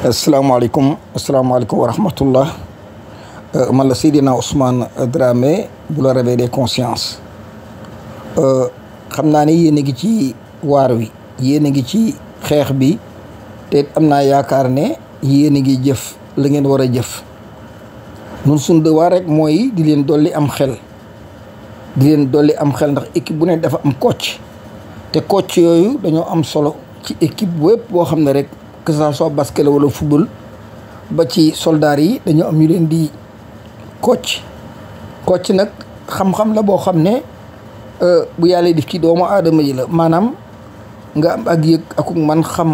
asalaamaaleykum asalaamaaleykum wa rahmatullah euh, man la Seydina Ousmane Dramé bu la réveillé conscience euh, xam naa ne yéen a ngi ci waar wi yéen a ngi ci xeex bi te am naa yaakaar ne yéen a ngi jëf la ngeen war a jëf nun suñ devoir rek mooy di leen dolli am xel di leen dolli am xel ndax équipe bu ne dafa am coach te coach yooyu dañoo am solo ci équipe wépp boo xam ne rek que ça soit basket wala football ba ci soldaar yi dañu am ñu leen di coach coach nag xam-xam la boo xam ne euh, bu yàlla def ci doomu aadama yi la maanaam nga am ak yëg akuk man xam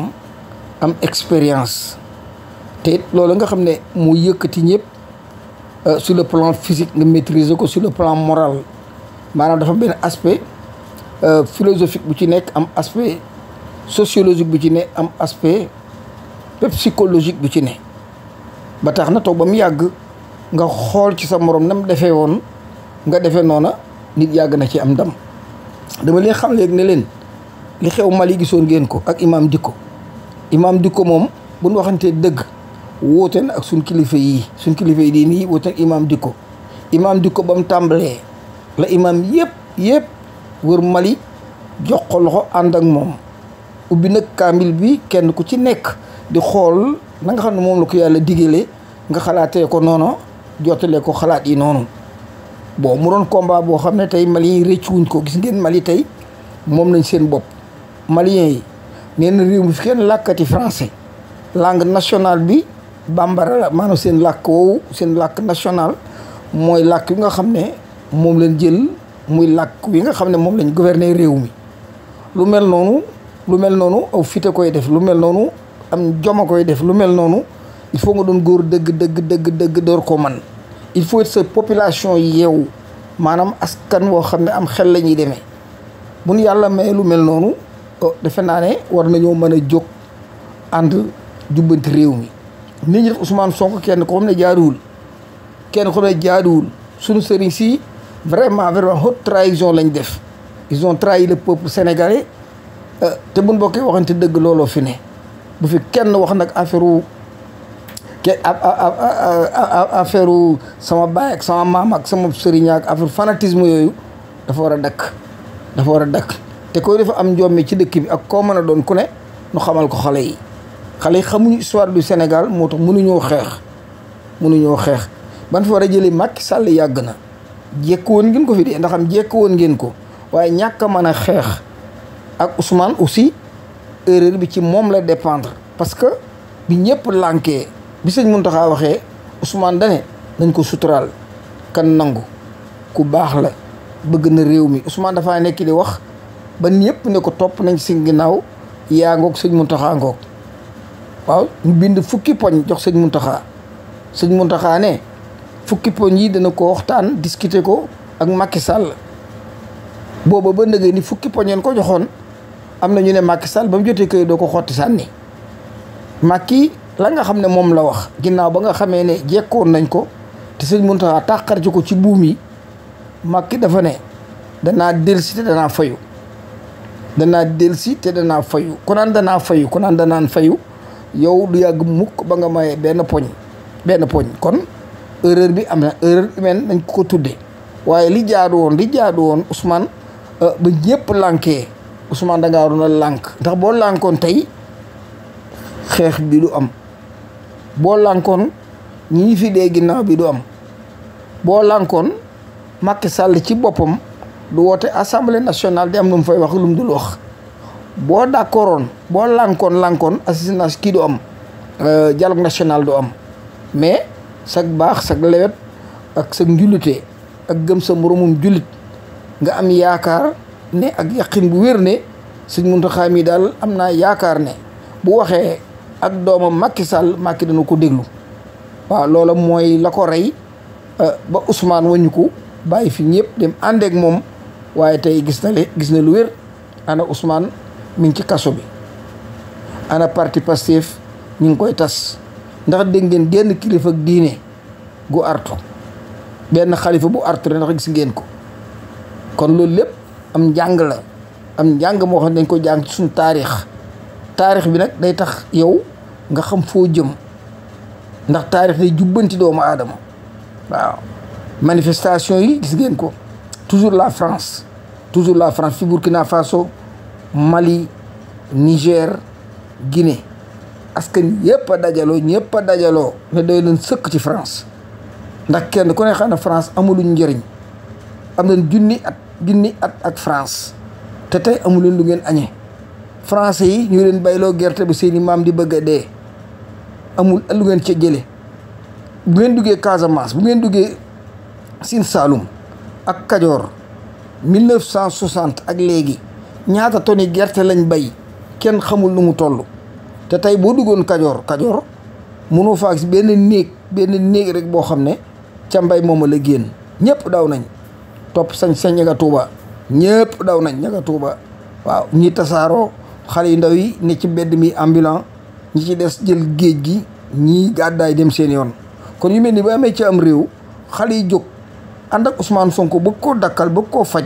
am expérience te it loolu nga xam ne moo yëkkati ñëpp euh, sur le plan physique nga maîtriser ko sur le plan moral maanaam dafa benn aspect euh, philosophique bu ci nekk am aspect sociologique bu ci nekk am aspect bépp psychologique bu ci ne ba tax na toog ba mu yàgg nga xool ci sa morom nam defee woon nga defee noona nit yàgg na ci am ndam dama leen xam léegi ne leen li xew Mali gisoon ngeen ko ak imaam Dicko imaam Dicko moom bu ñu waxantee dëgg woote na ak suñ kilifa yi suñ kilifa yi di nii woote ak imaam Dicko imaam Dicko ba mu tàmbalee la imaam yëpp yëpp wër Mali jox ko loxo ànd ak moom ubbi nag kaamil bi kenn ku ci nekk. di xool na nga xam ne moom la ko yàlla digale nga xalaatee ko noonu jottalee ko xalaat yi noonu bon mu doon combat boo xam ne tey maliens yi rëccuwuñ ko gis ngeen Mali tey moom lañ seen bopp malien yi nee réew mi fi kenn làkkati français langue nationale bi bambara la seen làkk woowu seen làkk national mooy làkk wi nga xam ne moom leen jël muy làkk wi nga xam ne moom lañ gouverner réew mi lu mel noonu lu mel noonu aw fite koy def lu mel noonu am joma koy def lu mel noonu il faut nga doon góor dëgg dëgg dëgg dëgg door ko man il faut sa population yeewu maanaam askan woo xam ne am xel la ñuy demee buñ yàlla may lu mel noonu oh, defe naa ne war nañoo mën a jóg ànd jubbanti réew mi nit ñi def Ousmane Sonko kenn ko xam ne jaaduwul kenn ko xam ne jaaduwul suñu sëriñ si vraiment vraiment haute trahison lañ def ils ont trahi le peuple sénégalais euh, te buñ bokkee waxante dëgg looloo fi ne bu fi kenn wax nag affaire ke affaire sama baay ak sama maam ak sama sëriñ ak affaire fanatisme yooyu dafa war a dakk dafa war a dakk te koy def am njommi ci dëkk bi ak koo mën a doon ku ne nu xamal ko xale yi xale yi xamuñu histoire du Sénégal moo tax mënuñoo xeex mënuñoo xeex ban fa war a jëlee Macky Sall yàgg na jekk woon ngeen ko fi de ndax jekk woon ngeen ko waaye ñàkk a mën a xeex ak Ousmane aussi erreur bi ci moom la dépendre parce que bi ñëpp lànkee bi sëñ Muntaxa waxee Ousmane Dane nañ ko suturaal kan nangu ku baax la bëgg na réew mi Ousmane dafa nekk di wax ban ñëpp ne ko topp nañ si ginnaaw yaa ngoog sëñ Muntaxa ngoog waaw ñu bind fukki poñ jox sëñ Muntaxa sëñ Muntaxa ne fukki poñ yi dana ko waxtaan discuter ko ak Macky Sall booba ba ndëgee ni fukki poñ yeen ko joxoon am na ñu ne Macky Sall ba mu jotee kër doo ko xotti sànni Macky la nga xam ne moom la wax ginnaaw ba nga xamee ne jekkoon nañ ko te sëñ Mountakha tàqar ci ko ci buum yi Macky dafa ne danaa delsi te danaa fayu danaa delsi te danaa fayu ku naan danaa fayu ku naan danaan fayu yow du yàgg mukk ba nga mayee benn poñ benn poñ kon erreur bi am na erreur humaine dañ ko ko tudde waaye li jaadu woon li jaadu woon Ousmane euh, ba ñëpp lànkee Ousmane da ngaa a lànk ndax boo lankoon tey xeex bi du am boo lankoon ñi fi dee ginnaaw bi du am boo lànkoon Macky Sall ci boppam du woote assemblée nationale di am lu mu fay wax lu mu dul wax boo d'accordoon boo lankoon lankoon assistance kii du am euh, dialogue national du am mais sag baax sag lewet ak sa njulite ak gëm sa moromum jullit nga am yaakaar ne ak yaqin bu wér ne sëñ Muntaxa mi daal am naa yaakaar ne bu waxee ak doomam Macky Sall Macky dana ko déglu waaw loola mooy la ko rey euh, ba Ousmane wañu ko bàyyi fi ñëpp dem ànd moom waaye tey gis na le gis na lu wér ana Ousmane mi ngi ci kaso bi ana parti Pastef ñu ngi koy tas ndax dégg ngeen genn kilifa ak diine gu artu benn xalifa bu artu re ndax gis ngeen ko kon loolu lépp am njàng la am njàng moo xam ne dañ ko jàng ci suñu taarix taarix bi nag day tax yow nga xam foo jëm ndax taarix day jubbanti doomu aadama waaw manifestation yi gis ngeen ko toujours la France toujours la France fi Burkina Faso Mali Niger Guinée askan yëpp a dajaloo ñëpp dajaloo ne doy leen sëkk ci France ndax kenn ku ne xam France amuluñ njëriñ am nañ junni junni at ak France te tey amu leen lu ngeen añee français yi ñu leen bayloo gerte bu seeni maam di bëgg a dee amul lu ngeen ca jële bu ngeen duggee Casamance bu ngeen duggee Sine Saalum ak Kajoor 1960 ak léegi ñaata toni gerte lañ bay kenn xamul lu mu toll te tey boo duggoon Kajoor Kajoor mënoo faag si benn néeg benn néeg rek boo xam ne ca mbay moom mooma la génn ñëpp daw nañ topp sañ-sañ ña nga daw nañ ña waaw ñi tasaaroo xale yu ndaw yi ne ci mbedd mi ambulant ñi ci des jël géej gi ñii gàddaay dem seen yoon kon yu mel ni ba amee ci am réew xale yi jóg ànd ak Ousmane Sonko bëgg koo dakkal bëgg koo faj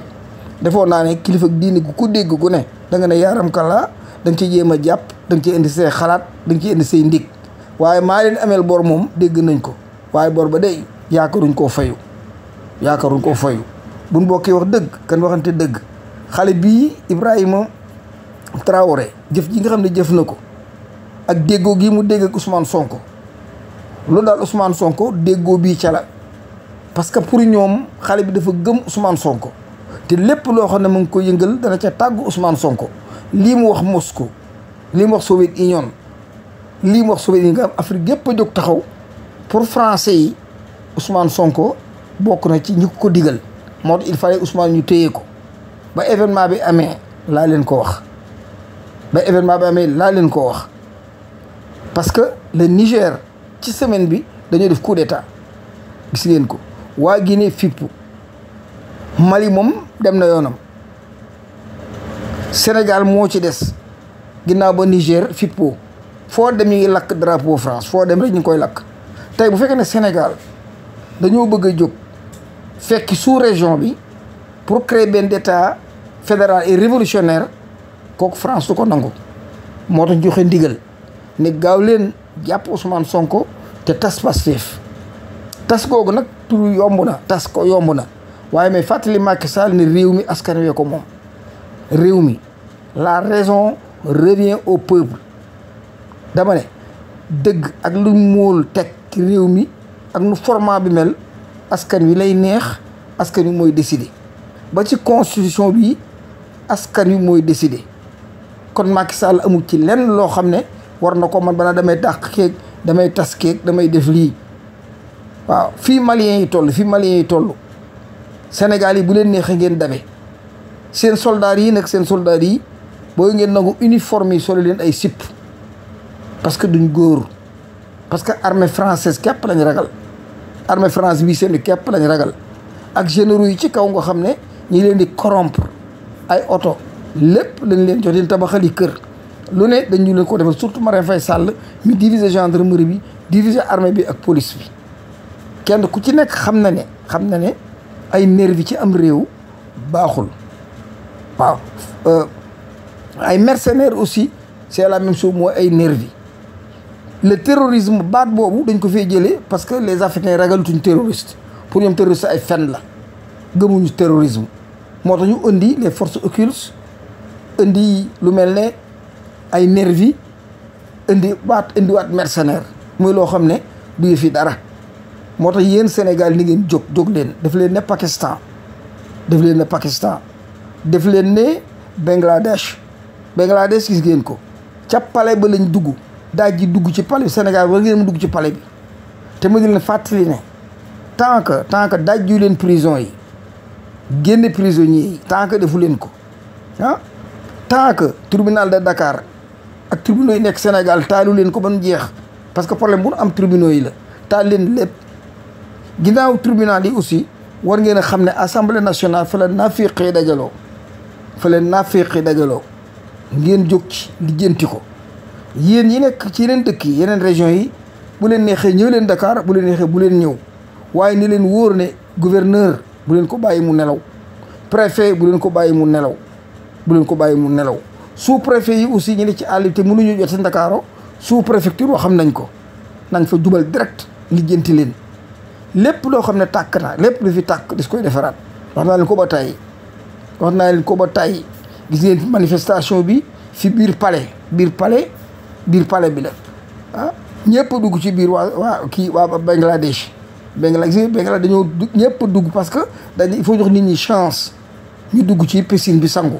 defoon naa ne kilifa diine gu ko dégg gu ne da nga ne yaaram kala da nga ci jéem a jàpp da nga ci indi say xalaat da nga ci indi say ndig waaye maa leen ameel bor moom dégg nañ ko waaye bor ba day yaakaaruñ koo fayu yaakaaruñ koo fayu buñ bokkee wax dëgg kan waxante dëgg xale bii Ibrahima Traoré jëf ji nga xam ne jëf na ko ak déggoo gi mu dégg ak Ousmane Sonko loolu daal Ousmane Sonko déggoo bi cala parce que pour ñoom xale bi dafa gëm Ousmane Sonko te lépp loo xam ne mu ngi ko yëngal dana ca tàggu Ousmane Sonko lii mu wax Moscou lii mu wax Soviet Union lii mu wax Soviet Union nga am Afrique yëpp a jóg taxaw pour français yi Ousmane Sonko bokk na ci ñu ko digal. moo tax il fallait Ousmane ñu téye ko ba événement bi amee laa leen ko wax ba événement bi amee laa leen koo wax parce que le Niger ci semaine bi dañoo def coup d'état gis ngeen ko waa Guinée fippu Mali moom dem na yoonam Sénégal moo ci des ginnaaw ba Niger fippoo foo dem ñu ngi lakk drapeau France foo dem rek ñu ngi koy lakk tey bu fekkee ne Sénégal dañoo bëgg a jóg fekki sous région bi pour créer benn état fédéral et révolutionnaire kooku France du ko nangu moo tax joxe ndigal ne gaaw leen jàpp Ousmane Sonko te tas Pastef tas googu nag tur yomb na tas ko yomb na waaye mais fàttali Macky Sall ne réew mi askan wee ko moom réew mi la raison revient au peuple dama ne dëgg ak lu muul teg réew mi ak nu format bi mel askan wi lay neex askan wi mooy décider ba ci constitution bi askan wi mooy décider kon Macky Sall amul ci lenn loo xam ne war na ko man balaa damay dàq keeg damay tas keeg damay def lii waaw fii maliens yi toll fii maliens yi toll Sénégal yi bu leen neexee ngeen dabe seen soldats yi nekk seen soldats yi booy ngeen nangu uniforme yi solo leen ay sipp parce que duñ góor parce que armée française képp lañ ragal armée France bii seen i képp lañ ragal ak généraux yi ci kaw nga xam ne ñi leen di corrompre ay oto lépp lañ leen jox leen tabaxal yi kër lu ne dañ ñu leen ko defal surtout Marème Faye Sall mi diviser gendarmerie bi diviser armée bi ak police bi kenn ku ci nekk xam na ne xam na ne ay nervi ci am réew baaxul waaw euh, ay mercenaires aussi c'est la même chose mooy ay nervi le terrorisme baat boobu dañ ko fee jëlee parce que les africains ragalutuñ terroriste pour ñoom terroriste ay fen la gëmuñu terrorisme moo tax ñu indi les forces occultes indi lu mel ne ay nervi indi waat indi waat mercenaire muy loo xam ne du yëfi dara moo tax yéen Sénégal ni ngeen jóg jóg leen def leen ne Pakistan def leen ne Pakistan daf leen ne Bangladesh Bangladesh gis ngeen ko ca palais ba lañ dugg daa ji dugg ci palais bi Sénégal war ngeen mu dugg ci palais bi te ma di leen fàttali ne tant que tant que dajju leen prison yi génne prisonniers yi tant que defu leen ko ah tant que tribunal de Dakar ak tribunaux yi nekk Sénégal taalu leen ko ba mu jeex parce que problème bu nu am tribunaux yi la taal leen lépp ginnaaw tribunal yi aussi war ngeen xam ne assemblée nationale fa la naafiqi dajaloo fa la naafiqi dajaloo ngeen jóg ci lijjanti ko yéen yi nekk ci leen dëkk yi yeneen région yi bu leen neexee ñëw leen Dakar bu leen neexee bu leen ñëw waaye ni leen wóor ne gouverneur bu leen ko bàyyi mu nelaw préfet bu leen ko bàyyi mu nelaw bu leen ko bàyyi mu nelaw sous préfet yi aussi ñu ne ci àll te mënuñu jot si Ndakaaro sous préfecture wax xam nañ ko nañ fa jubal direct lijjanti leen lépp loo xam ne tàkk na lépp lu fi tàkk dis koy defaraat wax naa leen ko ba tàyyi wax naa leen ko ba tàyyi gis ngeen manifestation bi fi biir palais biir palais biir pale bi la ah ñëpp dugg ci biir waa waa kii waa Bangladesh Bangladesh Bangladesh dañoo ñëpp dugg parce que dañ il faut jox nit ñi chance ñu dugg ci piscine bi sangu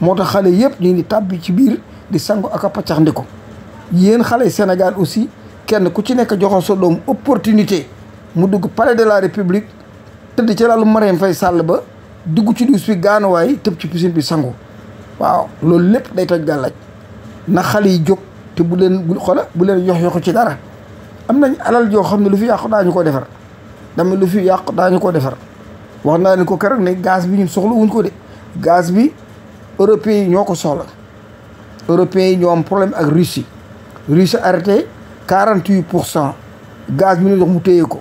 moo tax xale yëpp ñu ngi tàbbi ci biir di sangu aka a pàccax ndiko yéen xale Sénégal aussi kenn ku ci nekk joxoon sa doom opportunité mu dugg palais de la république tëdd ci lalu Marème Faye sàll ba dugg ci duus bi gaanuwaay tëb ci piscine bi sangu waaw loolu lépp day toj gàllaaj na xale yi jóg. te bu leen bu xola buleen leen yox yox ci dara am nañ alal joo xam ne lu fi yàqu daañu ko defar ma lu fi yàqu daañu ko defar wax naa leen ko keroog ne gaz bi ñu soxla wuñ ko de gaz bi européens yi ñoo ko soxla européens yi ñoo am problème ak Russie Russie arrêté quarante huit pour cent gaz bi ñu jox mu téye ko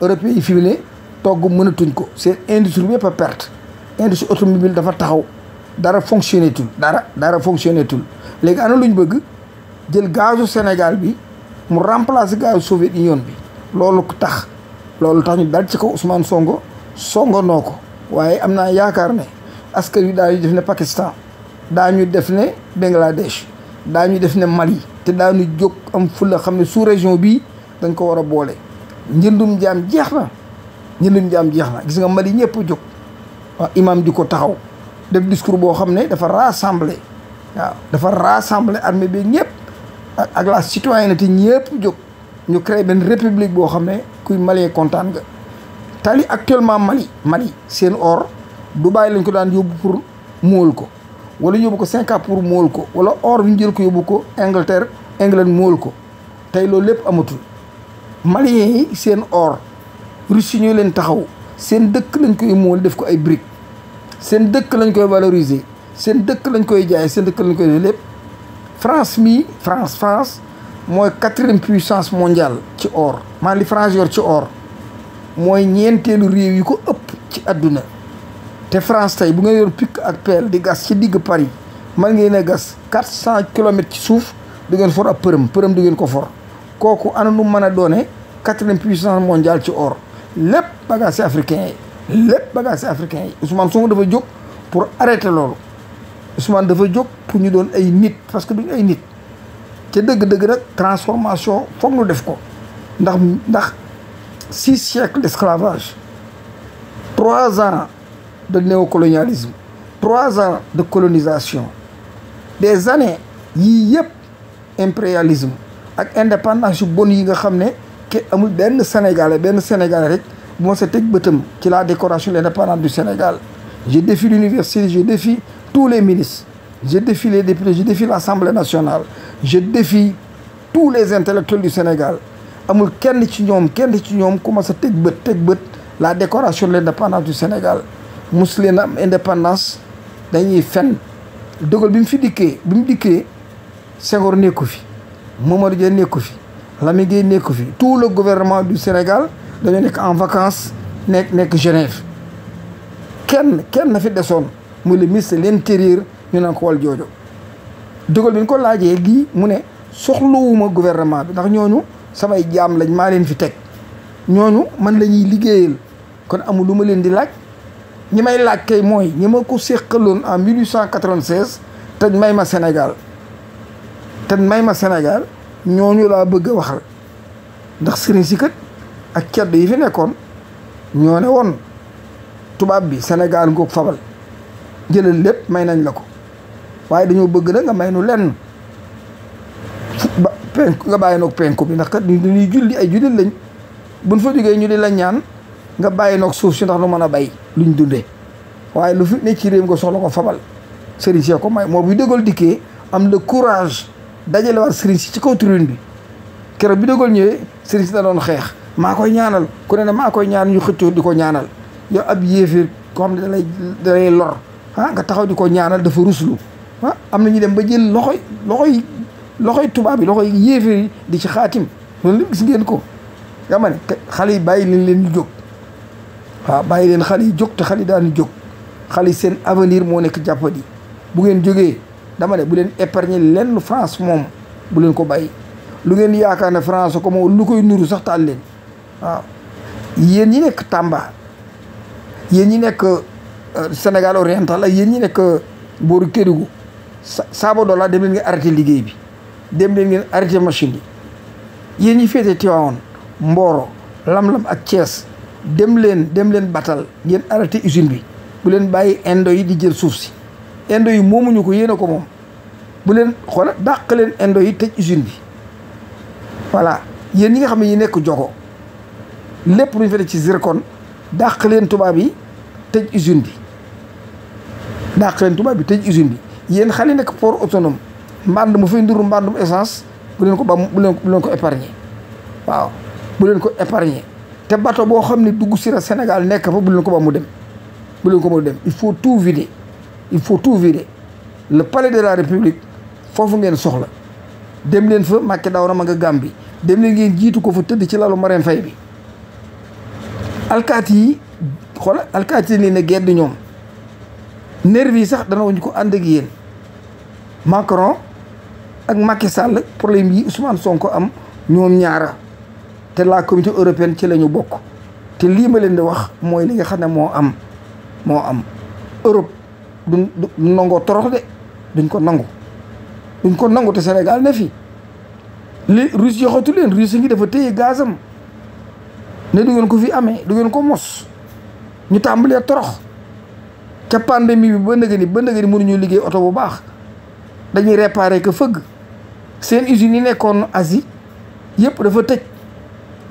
européens yi fi ne togg mënatuñ ko seen industrie bi yëpp a perte industrie automobile dafa taxaw dara fonctionné tul dara dara fonctionné tul léegi ana luñ bëgg jël gazu Sénégal bi mu remplacer gazu Soviet Union bi loolu tax loolu tax ñu dal ci ko Ousmane songo Sonko noo ko waaye am naa yaakaar ne askan wi daañu def ne Pakistan daañu def ne Bangladesh daañu def ne Mali te daañu jóg am fulla xam ne sous région bi dañ ko war a boole njëndum jaam jeex na njëndum jaam jeex na gis nga Mali ñëpp jóg waaw imam di ko taxaw def discours boo xam ne dafa rassembler waaw dafa rassembler armée bi ñëpp ak la citoyenneté ñëpp jóg ñu créé benn république boo xam ne kuy malien kontaan nga tali actuellement Mali Mali seen or bàyyi lañ ko daan yóbbu pour mool ko wala yóbbu ko pour mool ko wala or ñu jël ko yóbbu ko Angleterre England mool ko tey loolu lépp amatul Maliens yi seen or Russie ñoo leen taxaw seen dëkk lañ koy mool def ko ay briques seen dëkk lañ koy valoriser seen dëkk lañ koy jaay seen dëkk lañ koy lépp France mii France France mooy quatrième puissance mondiale ci or maanaam li France yor ci or mooy ñeenteelu réew yi ko ëpp ci àdduna te France tey bu nga yor pic ak pelle di gas ci digg Paris mën ngeen a gas quatre cent kilomètres ci suuf du ngeen for ab përëm përëm du ngeen ko for kooku ana nu mën a doone quatrième puissance mondiale ci or lépp bagage africain yi lépp bagage africain yi Ousmane Sonko dafa jóg pour arrêter loolu Ousmane dafa jóg pour ñu doon ay nit parce que duñu ay nit te dëgg-dëgg nag transformation foog nu def ko ndax ndax six siècles d'esclavage trois ans de néocolonialisme trois ans de colonisation des années yii yëpp impérialisme ak indépendance yu bon yi nga xam ne ke amul benn sénégalais benn sénégalais rek bu ma sa teg ci la décoration de l'indépendance du Sénégal je défie l'université je défie tous les ministres. J'ai défilé députés, j'ai défié l'Assemblée nationale. Je défie tous les intellectuels du Sénégal. amul kenn ci ñoom kenn ci ñoom commencé teg bët teg bët la décoration de l'indépendance du Sénégal mus leen am indépendance dañuy fen dogal bi mu fi dikkee bi mu dikkee Senghor nekku fi Mamadou Dia nekku fi Lamine Gueye nekku fi tout le gouvernement du Sénégal dañoo nekk en vacances nekk nekk Genève kenn kenn na fi desoon muy le ministre leen l'intérieur ñu naan ko wal joojo dogal bi ñu ko laajee gi mu ne soxlawuma gouvernement bi ndax ñooñu samay jaam lañ maa leen fi teg ñooñu man lañuy ñuy liggéeyal kon amul lu ma leen di laaj ñi may laaj kay mooy ñi ma ko séqaloon en 1896 te may ma Sénégal te may ma Sénégal ñooñu laa bëgg a waxal ndax sëriñ si kat ak ceddo yi fi nekkoon ñoo ne woon tubaab bi Sénégal ngoog fabal jëlal lépp may nañ la ko waaye dañoo bëgg nag nga may nu lenn ba penku nga bàyyi noog penku bi ndax kat dañuy julli ay jullit lañ buñ fa jógee ñu di lañ ñaan nga bàyyi noog suuf si ndax nu mën a bay lu luñ dundee waaye lu fi ne ci réew nga soxla ko fabal sëriñ si ko may moo bu dëggal dikkee am la courage dajale waat sëriñ si ci kaw tribune bi keroog bi dëggal ñëwee sëriñ si na doon xeex maa koy ñaanal ku ne ne maa koy ñaan ñu xëccoo di ko ñaanal yow ab yéeféer ko xam ne dalay dalay ah nga taxaw di ko ñaanal dafa ruslu ah am na ñu dem ba jël loxoy loxoy loxoy tubaab yi loxoy yéeféer yi di ci xaatim loolu lépp gis ngeen ko nga ma ne yi bàyyi leen leen ñu jóg waaw bàyyi leen xale yi jóg te xale yi daan jóg xale yi seen avenir moo nekk jàppandi bu ngeen jógee dama bu leen leen lu France moom bu leen ko bay lu ngeen yaakaar ne France ko moom lu koy nuru sax taal leen waaw yéen ñi nekk Tamba yéen ñi nekk Euh, Sénégal oriental ak yéen ñi nekk euh, booru Kédougou saaba doolaa dem leen ngeen arrêté liggéey bi dem leen ngeen arrêté machine yi yéen ñi féete Tivaouane Mboro lam ak Thiès dem leen dem leen batal ngeen arrêté usine bi bu leen bàyyi indo yi di jël suuf si indo yi moomuñu ko yéen a ko moom bu leen xoola dàq leen indo yi tëj usine bi voilà yéen yi nga xam ne yi nekk jogo lépp lu fete ci zircon dàq leen tubaab yi tëj usine bi dàq leen bi tëj usine bi yéen xale nekk port autonome mbànd mu fay nduru mbàndum essence bu leen ko ba mu bu leen ko épargner waaw bu leen ko épargner te bateau boo xam ne dugg si la Sénégal nekk fa bu leen ko ba mu dem bu leen ko ba mu dem il faut tout vider il faut tout vider le palais de la république foofu ngeen soxla dem leen fa Macky Daw ma nga bi dem leen ngeen jiitu ko fa tëdd ci lalu Marème fay bi alkaati yi xoola alkaati yi ne gedd ñoom nervi yi sax dana wuñ ko ànd ak yéen Macron ak Macky Sall problème yi Ousmane Sonko am ñoom ñaara te la communauté européenne ci la ñu bokk te lii ma leen di wax mooy li nga xam ne moo am moo am Europe du nangoo torox de duñ ko nangu duñ ko nangu te Sénégal ne fi li Russes yoxatu leen Russes ngi dafa téye gazam ne du ngeen ko fi amee du ngeen ko mos ñu tàmbalee torox ca pandémie bi ba nëgë ni ba nëgë ni mënuñu liggéey oto bu baax dañuy réparer que fëgg seen usines yi nekkoon Asie yëpp dafa tëj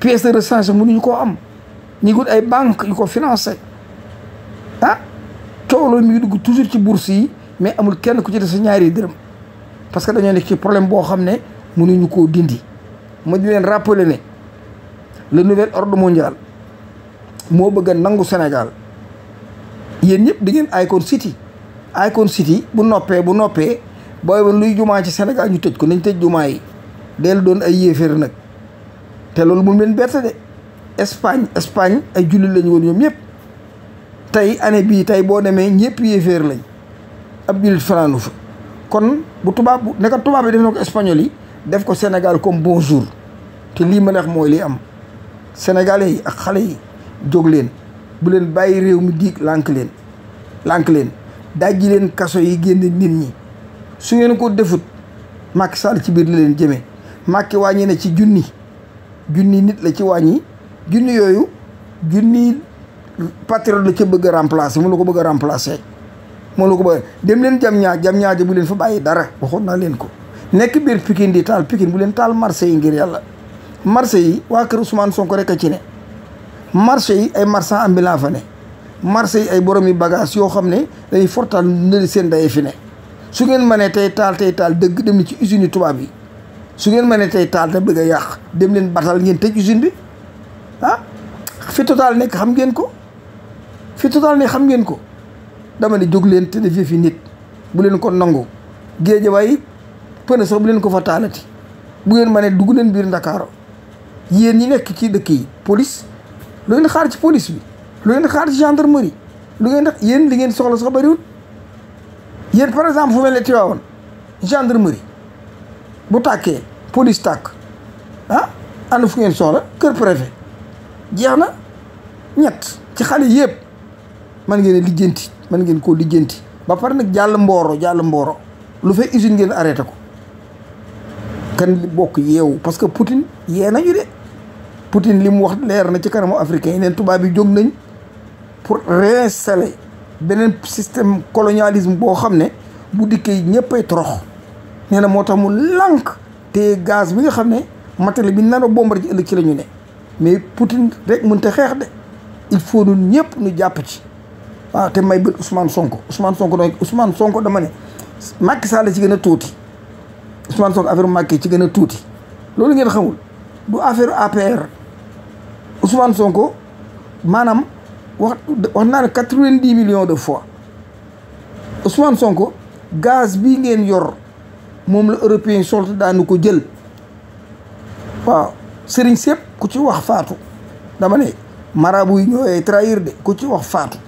pièce de rechange mënuñu koo am ñi gut ay banque yu ko financé ah coow loolu mi dugg toujours ci bourse yi mais amul kenn ku ci des sa ñaari dërëm parce que dañoo nekk ci problème boo xam ne munuñu koo dindi ma di leen rappeler ne le nouvel ordre mondial moo bëgg a nangu Sénégal yéen ñëpp di ngeen Icon City Icon City bu noppee bu noppee booy woon luy jumaa ci Sénégal ñu tëj ko nañ tëj jumaa yi dellu doon ay yéeféer nag te loolu mu leen berte de Espagne Espagne ay jullit lañ woon ñoom ñëpp tey année bii tey boo demee ñëpp yéeféer lañ ab jullit fanaanu fa kon bu tubaab bu naka tubaab yi def na ko espagnol yi def ko Sénégal comme bonjour te lii ma neex mooy li am sénégalais yi ak xale yi jóg leen bu leen bàyyi réew mi diig lànk leen lànk leen dajji leen kaso yi génn nit ñi su ngeen ko defut Macky Sall ci biir la leen jëmee Macky wàññi na ci junni junni nit la ci wàññi junni yooyu junni patriote la ca bëgg a remplacer mu la ko bëgg a remplacer moo la ko bëgg dem leen jam ñaa jam ñaajo bu leen fa bàyyi dara waxoon naa leen ko nekk biir Pikine di taal Pikine bu leen taal marché yi ngir yàlla marché yi waa kër Ousmane Sonko rek a ci ne marché yi ay marsan ambulant fa ne marché yi ay borom yi bagage yoo xam ne dañuy fortaal ndëli seen ndey fi ne su ngeen mënee tey taal tey taal dëgg dem ni ci usine yi tubaab yi su ngeen mënee tey taal te bëgg a yàq dem leen batal ngeen tëj usine bi ah fi total nekk xam ngeen ko fi total xam ngeen ko dama ne jóg leen te def fi nit bu leen ko nangu géejawaay pëne sax bu leen ko fa taalati bu ngeen mënee dugg leen biir Ndakaaru yéen ñi nekk ci dëkk yi police lu ngeen xaar ci police bi lu ngeen xaar ci gendarmerie lu ngeen def yéen li ngeen soxla sax bëriwul yéen par exemple fu mel ne gendre gendarmerie bu tàkkee police tàkk ah ànd fu ngeen soxla kër préfet jeex na ñett ci xale yëpp man ngeen lijjanti man ngeen koo lijjanti ba pare nag jàll mbooro jàll mbooro lu fay usine ngeen arrêté ko kan li bokk yeewu parce que Poutine yee nañu de Poutine li mu wax leer na ci kanamu africain yi neen tubaab yi jóg nañ pour réinstaller beneen système colonialisme boo xam ne bu dikkee ñëppay torox nee na moo tax mu lànk te gaz bi nga xam ne matériel bi nano bombar ji ëllëg ci la ne mais Poutine rek mënta xeex de il faut ñun ñëpp ñu jàpp ci waaw ah, te may bët Ousmane Sonko Ousmane Sonko donc Ousmane Sonko dama ne Macky Sall ci gën a tuuti Ousmane Sonko affaire Macky ci gën a tuuti loolu ngeen xamul du affaire APR Ousmane Sonko maanaam wax wax naa ne quatre-vingt-dix millions de fois Ousmane Sonko gaz bi ngeen yor moom la européen solt daanu ko jël waaw sëriñ sépp ku ci wax faatu dama ne marabu yi ñooy trahir de ku ci wax faatu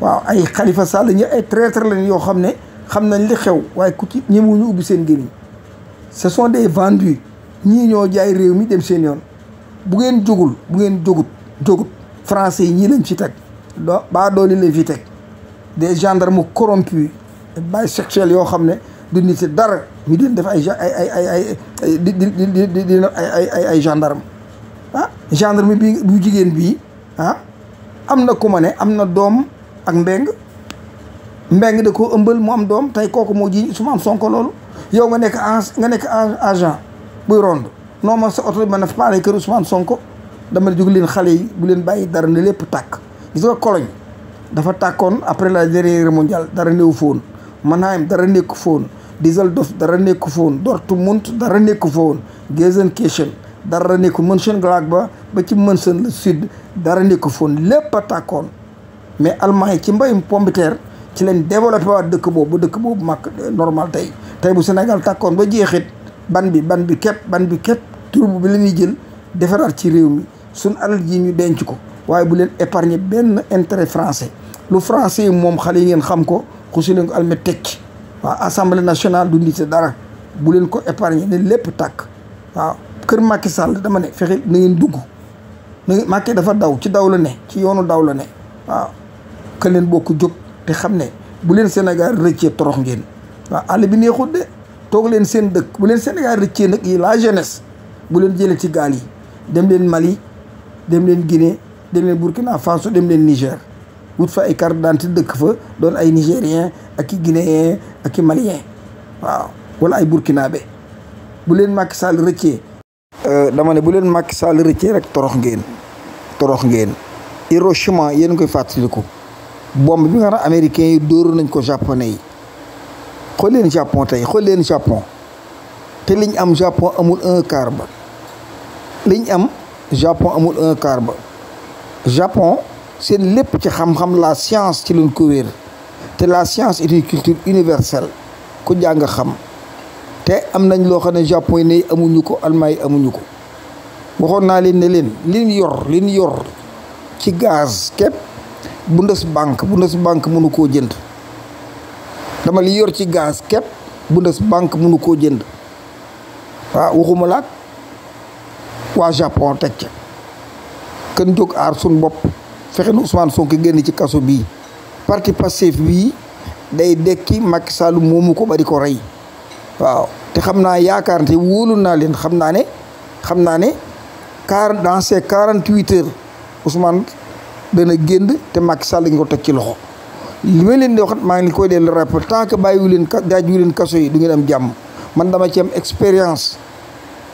waaw ay Khalifa Sall ñi ay traître lañ yoo xam ne xam nañ li xew waaye ku ci ñemewuñu ubbi seen gémmiñ ce sont des vendus ñii ñoo jaay réew mi dem seen yoon bu ngeen jógul bu ngeen jógut jógut français yi ñii lañ fi teg do baa dooli lañ fi teg des gendarmes corrompus bisexuels yoo xam ne du nit dara ñu di def ay ay ay ay di di di ay ay ay gendarme ah gendarme bi bu jigéen bii ah am na ku ma ne am na doom ak mbeng mbeng de koo ëmbal mu am doom tey kooku moo ji su ma am sonko loolu yow nga nekk nga nekk agent buy rond non ma sa oto bi man na fa kër Ousmane Sonko dama jóg leen xale yi bu leen bàyyi dara na lépp tàkk gis nga Cologne dafa tàkkoon après la dernière guerre mondiale dara néew foon Mannheim dara nekk foon Düsseldorf dara nekk foon Dortmund dara nekk foon Gelsenkirchen dara nekk Mönchengladbach ba ba ci München le sud dara nekk foon lépp a tàkkoon mais Allemagne ci mbayum pombiteer ci leen développé waat dëkk boobu ba dëkk boobu mag eh, normal tey tey bu Sénégal tàkkoon ba jeexit ban bi ban bi képp ban bi képp turbu bi la ñuy jël defaraat ci réew mi suñ alal ji ñu denc ko waaye bu leen épargner benn intérêt français lu français yi moom xale yi ngeen xam ko xusi leen ko almet tekki waaw assemblée nationale du nite dara bu leen ko épargner ne lépp tàkk waaw kër makki Sall dama ne fexe na ngeen dugg na ngeen Macky dafa daw ci daw la ne ci yoonu daw la ne waaw ka leen bokk jóg te xam ne bu leen Sénégal rëccee torox ngeen waaw àll bi neexut toog leen seen dëkk buleen leen Sénégal rëccee nag yi la jeunesse bu leen jëlee ci gaal yi dem leen Mali dem leen Guinée dem leen Burkina Faso dem leen Niger wut fa ay carte dëkk fa doon ay nigérien ak i guinéen ak i malien wala ay burkinabé bu leen Macky Sall rëccee euh, dama ne bu leen Macky Sall rëccee rek torox ngeen torox ngeen Hiroshima yéen koy fàttaliku bombe bi nga xam américain yi nañ ko japonais yi xool leen Japon tey xool leen Japon te liñ am Japon amul un quart ba liñ am Japon amul un quart ba Japon seen lépp ci xam-xam la science ci luñ ko wér te la science est une culture universelle ku jàng xam te am nañ loo xam ne Japon yi ne amuñu ko Allemagne yi amuñu ko waxoon naa leen ne leen liñ yor liñ yor ci gaz képp Bundesbank Bundesbank mënu koo jënd dama li yor ci gaz képp Bundesbank mënu koo jënd waaw waxuma laak waa Japon teg ca kenn jóg aar suñ bopp fexe nu na Ousmane Sonko génn ci kaso bii parti Pastef bi day dekki Macky Sall moomu ko ba ko rey waaw te xam naa yaakaar te wóolu naa leen xam naa ne xam naa ne quarante dans ces quarante huit heures Ousmane dana génn te Macky Sall ngi ko teg ci loxo li leen di waxat maa ngi ni koy deel rapport tant que bàyyiwu leen daajuwu kaso yi du ngeen am jàmm man dama ci am expérience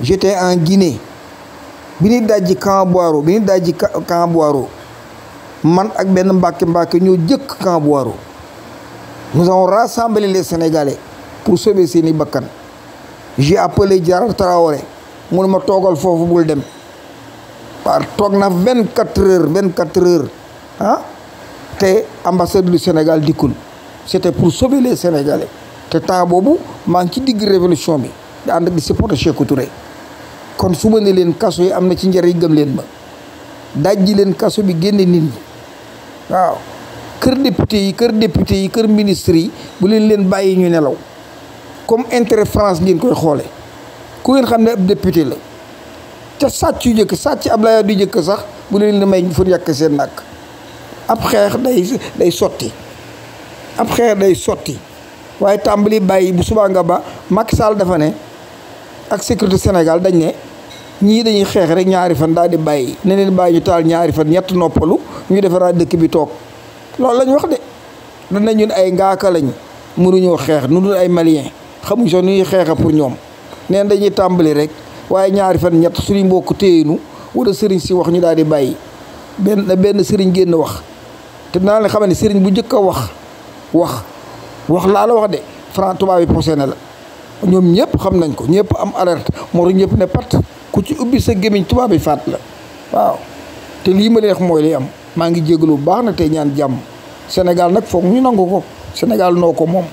j'étais en Guinée bi ñuy dajji Camp Boiro bi ñuy dajji Camp Boiro man ak benn mbàkke mbàkke ñoo jëkk Camp Boiro nous avons rassemblé les pour sauver seeni bakkan j'ai appelé Diarar Traoré mu ne ma toogal foofu bul dem par toog na vingt quatre heures vingt quatre heures ah te ambassade du Sénégal dikkul c'était pour sauver les Sénégalais te temps boobu maa ngi ci digg révolution bi di ànd ak di supporter Sékou kon suma ne leen kaso yi am na ci njariñ gëm leen ma dajji leen kaso bi génne nit ñi waaw kër député yi kër député yi kër ministre yi bu leen leen bàyyi ñu nelaw comme intérêt France ngeen koy xoole ku ngeen xam ne ab député la ca sàcc yu njëkk sàcc Ablaye du njëkk sax bu leen di may fu yàq seen nàkk ab xeex day day sotti ab xeex day sotti waaye tàmbali bàyyi bu subaa nga ba Macky Sall dafa ne ak sécurité Sénégal dañ ne ñii dañuy xeex rek ñaari fan daal di bàyyi ne bàyyi ñu taal ñaari fan ñett noppalu ñu defaraat dëkk bi toog loolu lañ wax de dana ñun ay ngaaka lañ mënuñoo xeex nu dul ay malien xamuñ sax nu ñuy xeexa pour ñoom neen dañuy tàmbali rek waaye ñaari fan ñett suñu mbokk téyenu wala sëriñ si wax ñu daal di bàyyi benn benn sëriñ génn wax te naa leen xamane ne sëriñ bu njëkk a wax wax wax laa la wax de franc tubaab yi posé la ñoom ñëpp xam nañ ko ñëpp am alerte moo tax ñëpp ne pat ku ci ubbi sa gémmiñ tubaab yi faat la waaw te lii ma leex mooy li am maa ngi jégalu bu baax na tey ñaan jàmm Sénégal nag foog ñu nangu ko Sénégal noo ko moom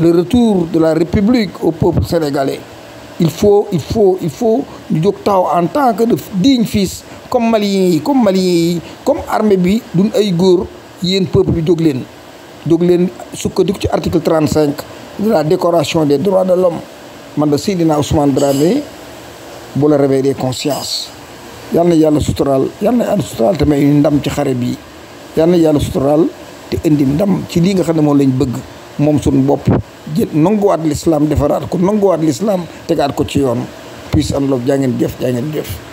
le retour de la république au peuple sénégalais il faut il faut il faut ñu jóg taxaw en tant que de digne fils comme maliens yi comme maliens comme armée bi duñ ay góor yéen peuple bi jóg leen jóg leen sukkandiku ci article trente cinq de la déclaration des droits de l'homme man da Seydina Ousmane Dramé bu la réveillé conscience yal na yàlla suturaal yal na yàlla suturaal te may ndam ci xare bi yal na yàlla suturaal te indi ndam ci lii nga xam ne moom lañ bëgg moom suñu bopp jël nanguwaat l'islam defaraat ko nanguwaat l'islam tegaat ko ci yoon puis an lof jàngeen jëf jaa ngeen jëf